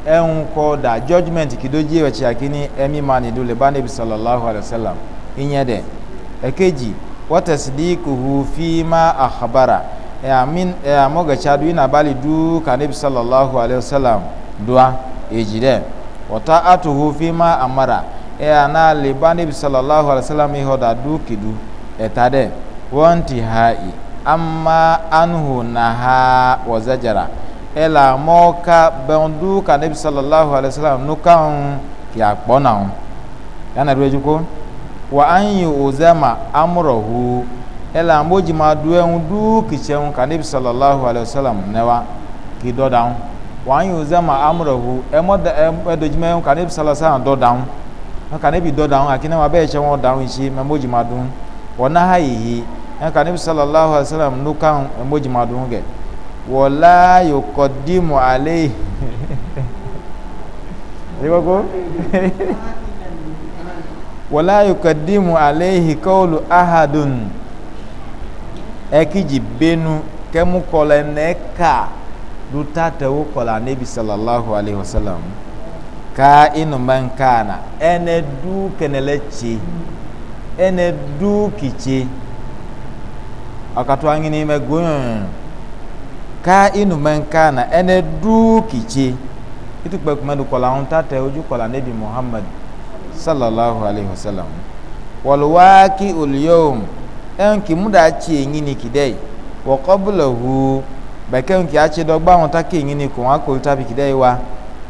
ehun ko da judgment kidoji wechi akini emi mani dule ba nabi sallallahu alaihi wasallam inye de ekeji wa tasdiquhu fi ma akhbara ya min ya moga chadu ina bali du ka nabi sallallahu alaihi wasallam dua ejide wa ta'atuhu fi ma amara ana na le ba nebi sallallahu alaihi wasallam ihe da du kidu etade wanti hai amma anhu na ha wazajara ela moka bandu ka nebi sallallahu alaihi wasallam nukan ya kpona yana ruwe juko wa an yi uzama amurahu ela moji ma duwe du kicen ka nebi sallallahu alaihi wasallam newa ki dodan wa an yi uzama amurahu emo da edojime ka nebi sallallahu alaihi wasallam dodan nka ne bi dɔ da ho akina ma bɛyɛ kyɛ wɔn da ho nhyɛ mɛ mo gyima do wɔn aha yiyi nka ne bi sallallahu alaihi wa sallam no ka ho mɛ mo gyima do kɛ wɔla yokɔdimu ale yikoko wɔla yokɔdimu ale hikɔlu ahadun ɛkidzi benu kɛmu kɔlɛ nɛka do tatɛwo kɔla ne bi sallallahu sallam ka inuman kana ene du keneleche ene du kiche akatwangini megun ka inuman kana ene du kiche itukpe kumadu kola hun tate oju kola nebi muhammad sallallahu alaihi wasallam walwaki ulyawm enki mudachi enyini kidai wa qablahu bakenki achi dogba hun take enyini kun akolta bi kidai wa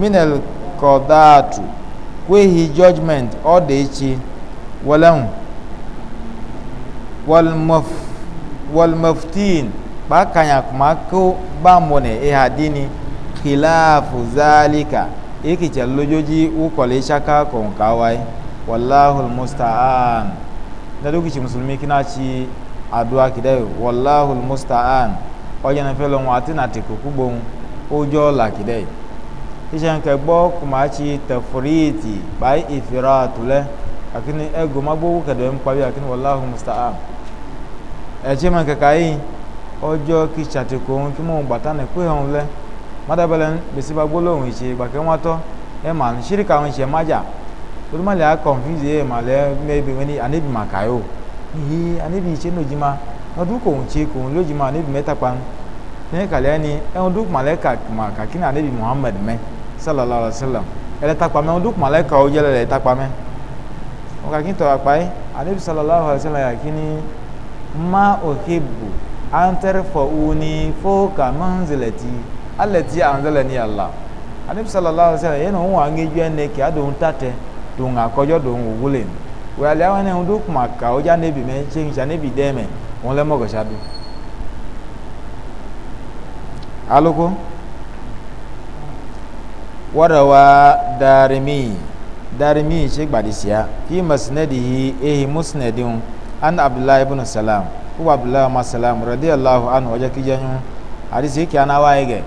minel kọdaatụ kwehi jọjment ọ dị echi wọlenwu walmaftin kpakanya kumako bamone ihadini khilafu zalika ikicha lojoji ukole shaka konkawai wallahu almusta'an da dukici musulmi kina ci addu'a kidai wallahu almusta'an oje na felon watina tikukubon ojo la kidai kishan ka gbɔ kuma tsi tafuriti ba yi ifira tu lɛ akini ego ma gbogbo kɛdɛ mu kpabi akini walahu musta'a ɛtsi ma kaka yi ɔdzɔ kitsati ko ŋutsu mo gbata ne ko hɛn lɛ madabɛlɛ bisi ba gbolo ŋun tsi gbake ŋun atɔ ɛma sirika ŋun tsi ma dza tolu ma lɛ a kɔnfizi yɛ ma lɛ mɛbi wɛni anibi ma ka yi o yi anibi tsi n'odzi ma n'ɔdu ko ŋun tsi ko ŋun l'odzi ma anibi mɛ takpa ŋu ne ni ɛŋun du kuma lɛ ka kuma kakina anibi muhammed mɛ sallallahu alaihi wa sallam ẹlẹtakpamẹ wọn dúkùmọ alẹ kàwọ jẹlẹ lẹ ẹtakpamẹ wọn kà kí n tọ akpa yìí anabi sallallahu alayhi wa sallam yà kí ni má òkè bù antẹrẹfọ òní fọkà mọ́nzẹlẹtì alẹtì ànzẹlẹ ní àlà anabi sallallahu alayhi wa sallam yẹn ní wọn wà ń gẹjú ẹnẹ kí adòun tàtẹ dòun àkọjọ dòun òwúlẹ nù wòlẹ́ àwọn ẹni dúkùmọ kàwọ jẹ anabi mẹ ṣé anabi dẹ́ mẹ wọn lẹ́ mọ́gọ́ṣá dùn warawa darimi darimi shi gbadisiya fi masnadihi ehi musnadin an abdullahi ibn salam ko abdullahi ma salam radiyallahu anhu waje kijanyu hadisi yake ana waye ge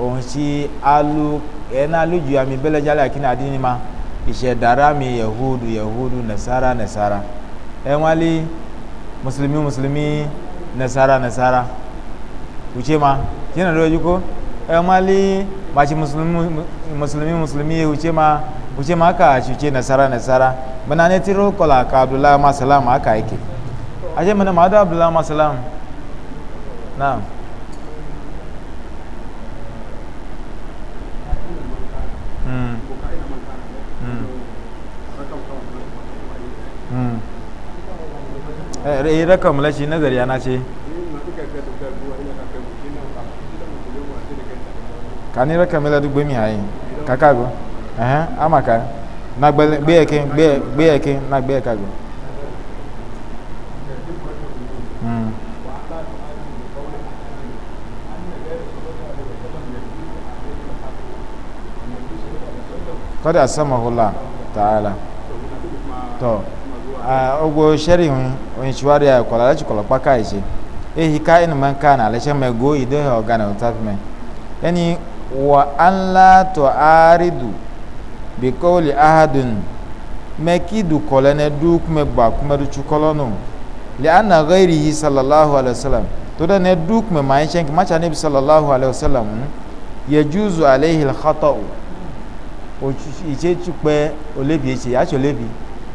ohun si alu ena aluju ami bele jale akini adini ma ise darami yahudu yahudu nasara nasara enwali muslimi muslimi nasara nasara uche ma kina rojuko emali bachi muslimi muslimi muslimi uchema uchema aka achuche nasara nasara bana ne tiro kola ka abdullah masalam aka yake aje mana mada abdullah masalam na'am mm mm mm eh, eh rakam lashi nazari ana ce ka ni rẹkẹ mẹlẹ dugbe mi ayi kaka go ẹhẹn amaka na gbẹlẹ gbẹyẹ kin gbẹyẹ na ka go. kọ́dà asamahola tààlà tọ́ ogbo sẹ́rì hun onyitsiwari kọ́lá ká ẹnu mẹ́ka nà ìdóhìn ọ̀gá nà ẹni wa an la tu'aridu bi qawli ahadin me ki du kolene du kuma gba kuma du chukolono li anna ghairihi sallallahu alaihi wasallam to da ne du kuma ma yin ma cha nabi sallallahu alaihi wasallam yajuzu alaihi al-khata' o iche chupe olebi iche ya cholebi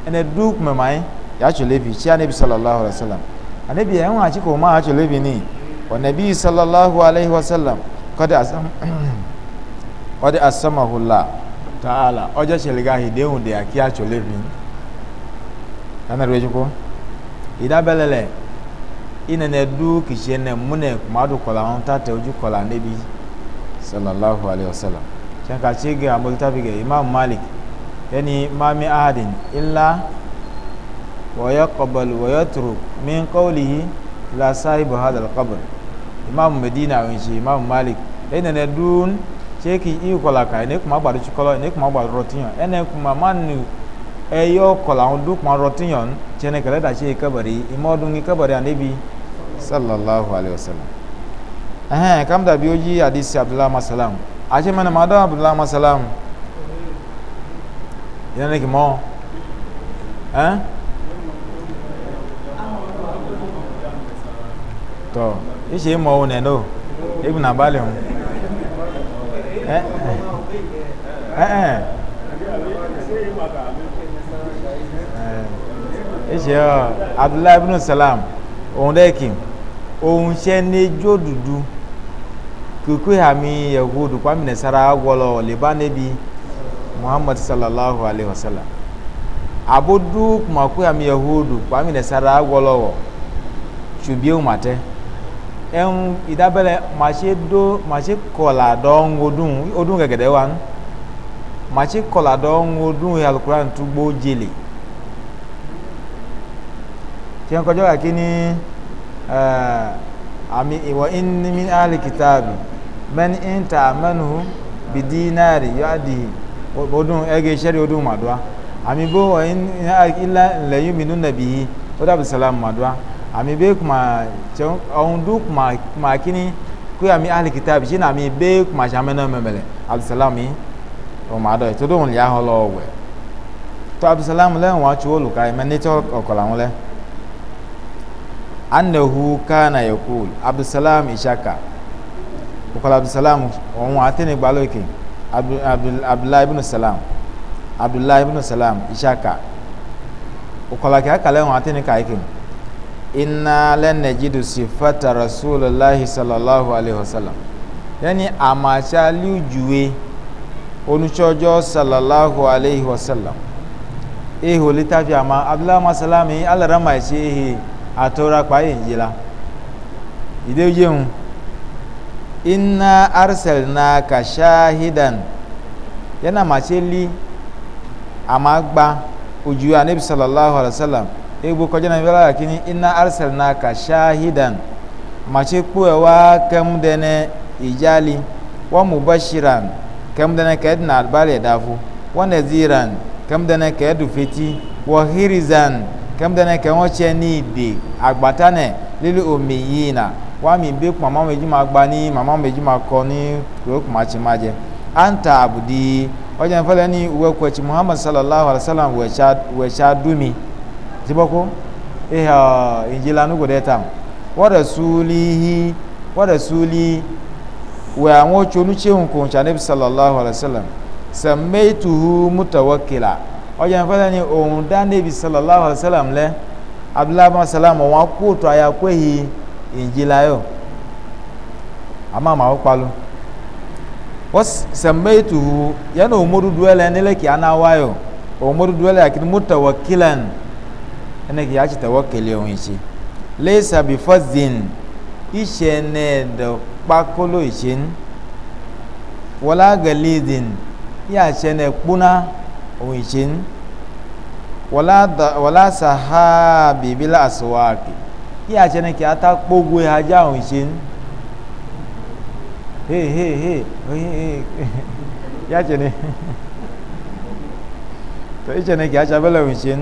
ene du kuma ma yin ya cholebi cha nabi sallallahu alaihi wasallam anabi yan wa e, chi ko ma cholebi ni wa nabi sallallahu alaihi wasallam kọ́dí asámahùlá tààlà ọjọ́ ṣẹlẹ̀gá ìdéhùn dè àkí àtsọ̀lẹ̀ mi kánà rẹ̀ jùkọ́ ìdábẹ́lẹ̀lẹ̀ ìnẹ̀nẹ̀ dú kìsìẹ́ nẹ̀ múnẹ̀ kùmádù kọ̀là wọn tàtẹ̀ ojú kọ̀là níbi sallallahu alayhi wa sallam ṣẹ́ka ṣe gẹ̀ amọ̀lítàbígẹ̀ imam malik yẹni mami ahadin ilá wọ́yọ́ kọ̀bọ̀lù wọ́yọ́ tùrù mí kọ́wùlì yìí lásán ibùhádàl kọ́bọ̀lù imam medina wenshi imam malik ene ne dun cheki i kola ka ene kuma gbadu chikola ene kuma gbadu rotiyan ene kuma manu eyo kola on du kuma rotiyan chene kele da cheki kabari imodun ni kabari anabi sallallahu alaihi wasallam eh kam da bioji hadisi abdullah masalam aje mana mada abdullah masalam yana ki mo eh to ishi ịmụ ọwụ na no egwu na abalị m ishi abdullahi ibn salam òun dẹ́kin òun ṣẹ́ ní ijó dúdú kìkì àmì yahudu kwami nasara wọlọ leba nebi muhammad sallallahu alaihi wasallam abudu kumakui àmì yahudu kwami nasara wọlọ wọ ṣùgbọ́n màtẹ́. ɛnu idabɛlɛ matsi do matsi kɔla dɔ ŋodun odun gɛgɛdɛ wa nu matsi kɔla dɔ ŋodun alukura ntugbo jele tiɲɛ kɔjɔ kaki ni ɛɛ ami iwɔ inimi ali kitaabi mɛni inta mɛnu bidinari yɔadi odun ɛgɛ sɛri odun madoa ami bo wɔ in ila lɛyumi nu nabihi o dabi salam madoa ami be kuma tɛn ɔn du kuma kuma kini ko ami ali kitabu tsi na mi be kuma same ne memele abdulsalami ɔma dɔ to do ŋun lia xɔlɔ wɛ to abdulsalam lɛ ŋun atsi wolo ka mɛ ne tɛ ɔkɔla ŋu lɛ anahu kana yakul abdulsalam ishaka ɔkɔla abdulsalam ɔn ati ne gbalo ke abdulayi ibnu salam abdulayi ibn salam ishaka ɔkɔla kɛ akalɛ ŋun ati ne ka inna lan najidu sifata rasulillahi sallallahu alaihi wasallam yani amacha liujuwe onuchojo sallallahu alaihi wasallam eho litafi ama abdullahi masalami alarama ise e ehe atora paye njila ide yeun inna arsalna ka shahidan yana mache li ama gba ojuwe anabi sallallahu alaihi wasallam egbo kɔjɛ na bɛla kini ina arsel na ka shahidan mace kpoe wa kɛm dɛnɛ ijali wa mubashiran kɛm dɛnɛ kɛ dina bali dafu wa naziran kɛm dɛnɛ kɛ du feti wa hirizan kɛm dɛnɛ kɛ wɔn cɛ ni de agbata nɛ lili omiyina wa mi bi kuma mama meji ma gba ni mama meji ma kɔ ni kuro kuma tsi ma jɛ anta abudi ɔjɛ nfɛlɛ ni wɛkɔtsi muhammadu sallallahu alaihi wa sallam wɛtsa dumi tiboko iha injila nugo deta wa rasulihi wa rasuli wa awon chonu chehun ko cha nabi sallallahu alaihi wasallam sammaituhu mutawakkila ojan fada ni ohun da sallallahu alaihi wasallam le abdullah bin salam wa ko to aya ko hi injila yo ama ma opalu was sammaituhu yana umudu duwele nileki anawayo umudu duwele akini mutawakkilan eneke ya chitawo kele ohun iṣe lesa before zin iṣe ne do kpakolo iṣe n wala galidin ya ṣe ne kpuna ohun iṣe n wala, wala sahabi bila asuwaki ya ṣe ne ki ata kpogwe haja ohun iṣe n hey hey hey hey hey ya ṣe ne to iṣe ne ki aṣa bela ohun iṣe n.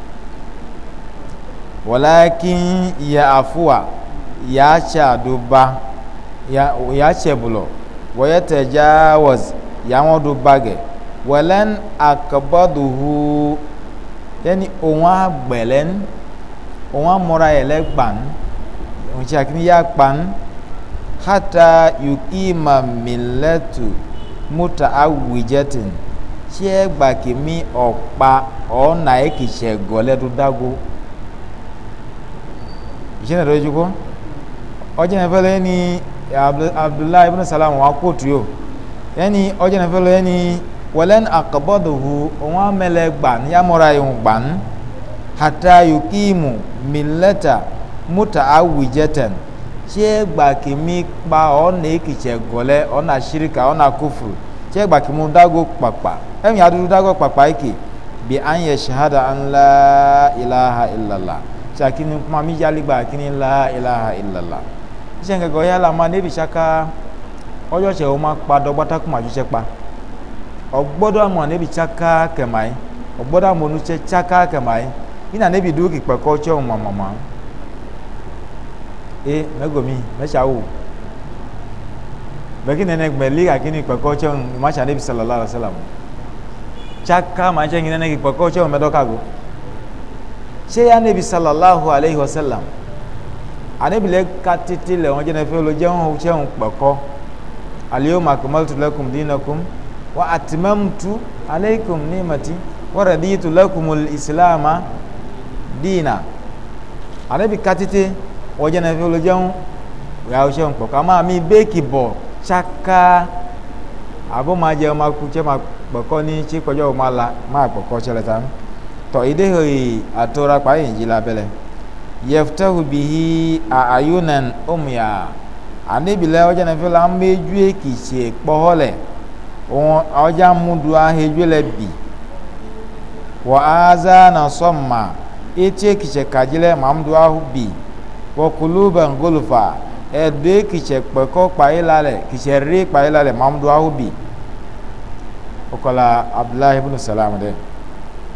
walakin ya afuwa ya shaduba ya, ya shebulo wa ya tajawaz ya wọn duba gẹ wẹlẹn akabaduhu yẹni òun agbẹlẹn òun amọra yẹlẹ gban òun ti akini ya gban hata yukima miletu muta awijetin tí ẹ ọ̀pá ọ̀nà ẹ̀kìtsẹ̀ gọ́lẹ́dúndágó ìṣẹ́nà tó jókòó ọjọ́ náà fẹ́lẹ́ ní abdullahi ibn salam wà kóòtù yóò yẹni ọjọ́ náà fẹ́lẹ́ ní wọlẹ́n àkọ́bọ́dọ̀hu òun amẹ́lẹ́ gbà ní yàmọ́ra ìhùn gbà ń hàtà yòókìmù mílẹ́tà múta awùjẹ́tẹ̀n ṣé gbà kí mi pa ọ̀nà èkìtsẹ̀ gọ́lẹ́ ọ̀nà ṣíríkà ọ̀nà kófùrù ṣé gbà kí mu dágó pàpà ẹ̀yìn adúdú dágó pàpà yìí bí à ṣahada ńlá ìlàhà ìlàlá sakini kuma mi jali gba kini la ilaha ilala iṣẹ́ nǹkan kan yálà máa níbi ṣaka ọjọ́ ṣe o máa pa dọ́gbátá kó máa ṣiṣẹ́ pa ọgbọ́dọ̀ àmọ́ níbi ṣaka kẹ̀máyé ọgbọ́dọ̀ àmọ́ oníṣẹ́ ṣaka kẹ̀máyé yìí nà níbi dúkì pẹ̀kọ́ ṣẹ́ òun mọ̀mọ̀mọ́ e mẹ́gòmí mẹ́ṣáwò bẹ́ẹ̀kì nẹ́nẹ́ gbẹ̀lí àkíní pẹ̀kọ́ ṣẹ́ òun ìmáṣà níbi sàlọ́lá àlọ́sàlámù ṣaka máa ṣẹ́ yìí nẹ́nẹ́ pẹ̀kọ́ ṣẹ́ òun mẹ́dọ́kàgò ṣé anabi sallallahu alayhi wa sallam anabi lẹ ka tètè lẹ wọn jẹnẹ fẹ lọ jẹun jẹun pẹkọ aliyoma kumaltu lakum dinakum wa atimamtu alaykum nimati wa raditu lakum islama dina anabi ka tètè wọn jẹnẹ fẹ lọ jẹun yàwó jẹun pẹkọ àmọ mi bẹẹkì bọ tsaka àbọ máa jẹ ọmọ akutẹ máa pẹkọ ní tí kọjá ọmọ ala máa pẹkọ tsẹlẹ tán tɔ yi de he atora kpa yi dzi la bɛlɛ yɛfutahu bihi ayunan omuya anibi lɛ ɔdze ne fi la ame dzue kitse kpɔhɔ lɛ wọn ɔdze amudu ahe dzue lɛ bi wɔ aza na sɔma etie kitse kadzi lɛ mamudu ahu bi wɔ kulu bɛngolofa ɛdoe kitse kpɛkɔ kpa yi la lɛ kitse ri kpa yi la lɛ mamudu ahu bi wokɔla abdulahi ibn salam dɛ.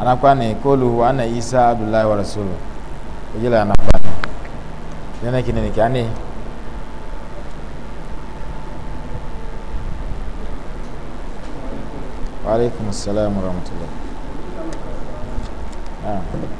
anakwa ne kolu ana isa abdullahi wa rasulu ojila anakwa ne nene kini ni kani wa alaikum assalam wa